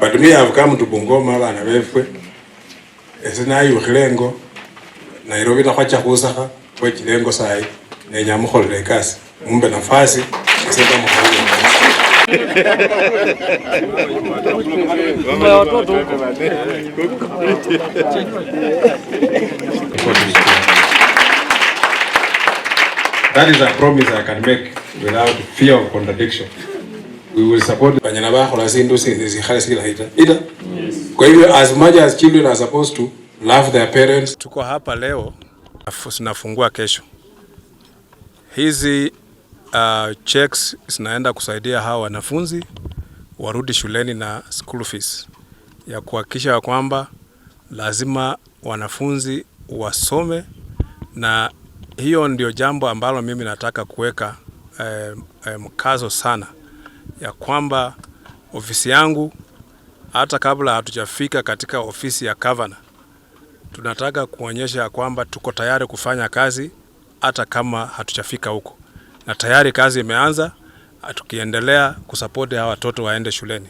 batumi yavu kamuntu bungoma abana befwe ese nayukhile nairobi na kwacha nakhwacha khusakha khwechilengo sai nenya mukholela ekasi mumbe nafasi ese ndamukholela That is a promise I can make without fear of contradiction we will support banyana bakhola sindu zikhale sikilahita ita kwa hivyo as much as children are supposed to love their parents. Tuko hapa leo zinafungua kesho. Hizi uh, checks zinaenda kusaidia hawa wanafunzi warudi shuleni na school fees ya kuhakikisha kwamba lazima wanafunzi wasome, na hiyo ndio jambo ambalo mimi nataka kuweka eh, eh, mkazo sana ya kwamba ofisi yangu hata kabla hatujafika katika ofisi ya gavana, tunataka kuonyesha ya kwamba tuko tayari kufanya kazi hata kama hatujafika huko, na tayari kazi imeanza. Tukiendelea kusapoti hawa watoto waende shuleni,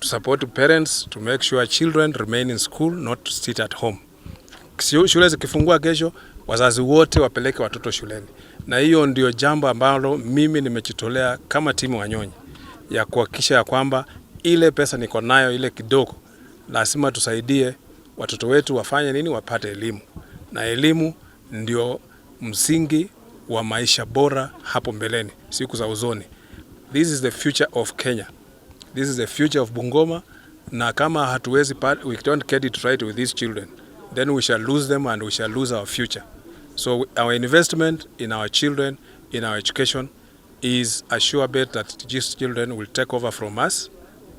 to support parents to make sure children remain in school not sit at home. Shule zikifungua kesho, wazazi wote wapeleke watoto shuleni, na hiyo ndio jambo ambalo mimi nimejitolea kama timu Wanyonyi ya kuhakikisha ya kwamba ile pesa niko nayo ile kidogo, lazima tusaidie watoto wetu wafanye nini, wapate elimu, na elimu ndio msingi wa maisha bora hapo mbeleni, siku za uzoni. This is the future of Kenya, this is the future of Bungoma, na kama hatuwezi we don't get it right with these children then we shall lose them and we shall lose our future. So our investment in our children, in our education is a sure bet that these children will take over from us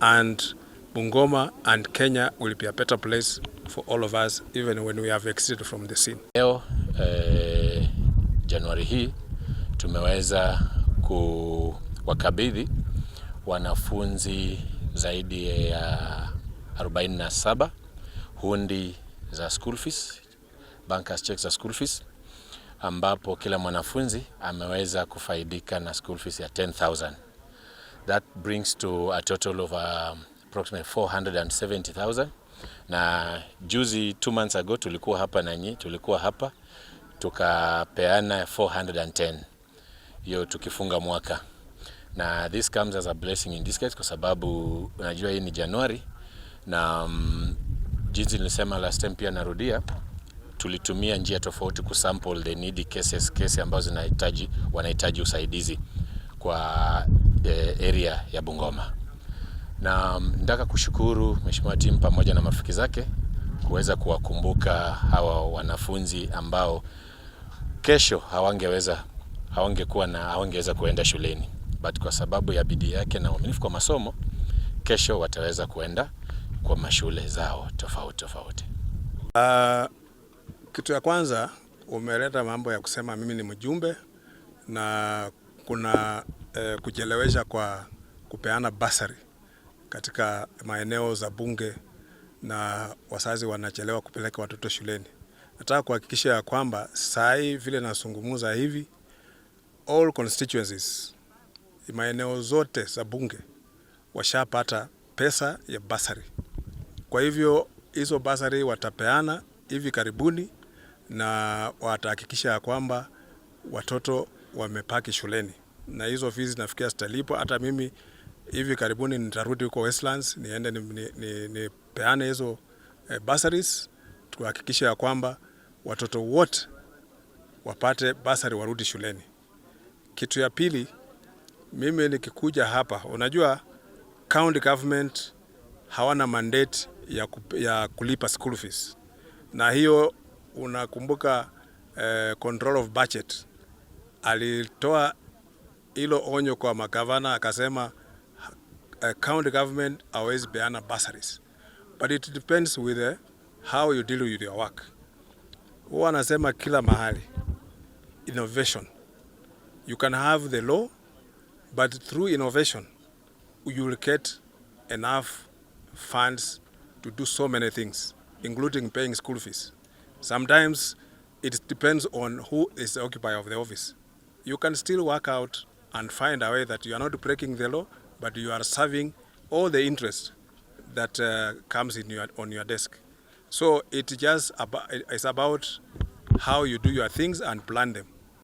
and Bungoma and Kenya will be a better place for all of us even when we have exited from the scene. Leo eh, Januari hii tumeweza kuwakabidhi wanafunzi zaidi ya 47 hundi za school fees, bankers checks za school fees ambapo kila mwanafunzi ameweza kufaidika na school fees ya 10000. That brings to a total of um, approximately 470000 na juzi, two months ago, tulikuwa hapa nanyi, tulikuwa hapa tukapeana 410 hiyo tukifunga mwaka, na this comes as a blessing in disguise, kwa sababu unajua hii ni Januari na um, jinsi nilisema last time pia narudia tulitumia njia tofauti sample the needy cases, kesi ambazo zinahitaji wanahitaji usaidizi kwa eh, area ya Bungoma, na mm, nataka kushukuru Mheshimiwa Tim pamoja na marafiki zake kuweza kuwakumbuka hawa wanafunzi ambao kesho hawangeweza hawangekuwa na hawangeweza kuenda shuleni, but kwa sababu ya bidii yake na uaminifu kwa masomo, kesho wataweza kuenda kwa mashule zao tofauti tofauti. Uh... Kitu ya kwanza umeleta mambo ya kusema mimi ni mjumbe na kuna eh, kuchelewesha kwa kupeana basari katika maeneo za bunge na wazazi wanachelewa kupeleka watoto shuleni. Nataka kuhakikisha ya kwamba saa hii vile nazungumza hivi, all constituencies, maeneo zote za bunge washapata pesa ya basari. Kwa hivyo hizo basari watapeana hivi karibuni na watahakikisha ya kwamba watoto wamepaki shuleni, na hizo fees nafikia zitalipwa. Hata mimi hivi karibuni nitarudi huko Westlands niende nipeane ni, ni hizo eh, basaris tuhakikisha ya kwamba watoto wote wapate basari warudi shuleni. Kitu ya pili, mimi nikikuja hapa, unajua county government hawana mandate ya, ku, ya kulipa school fees, na hiyo unakumbuka eh, control of budget alitoa hilo onyo kwa magavana akasema a eh, county government hawezi peana bursaries but it depends with uh, how you deal with your work. Huwa anasema kila mahali innovation, you can have the law but through innovation you will get enough funds to do so many things including paying school fees. Sometimes it depends on who is the occupier of the office. You can still work out and find a way that you are not breaking the law, but you are serving all the interest that uh, comes in your, on your desk. So it just about, it's about how you do your things and plan them.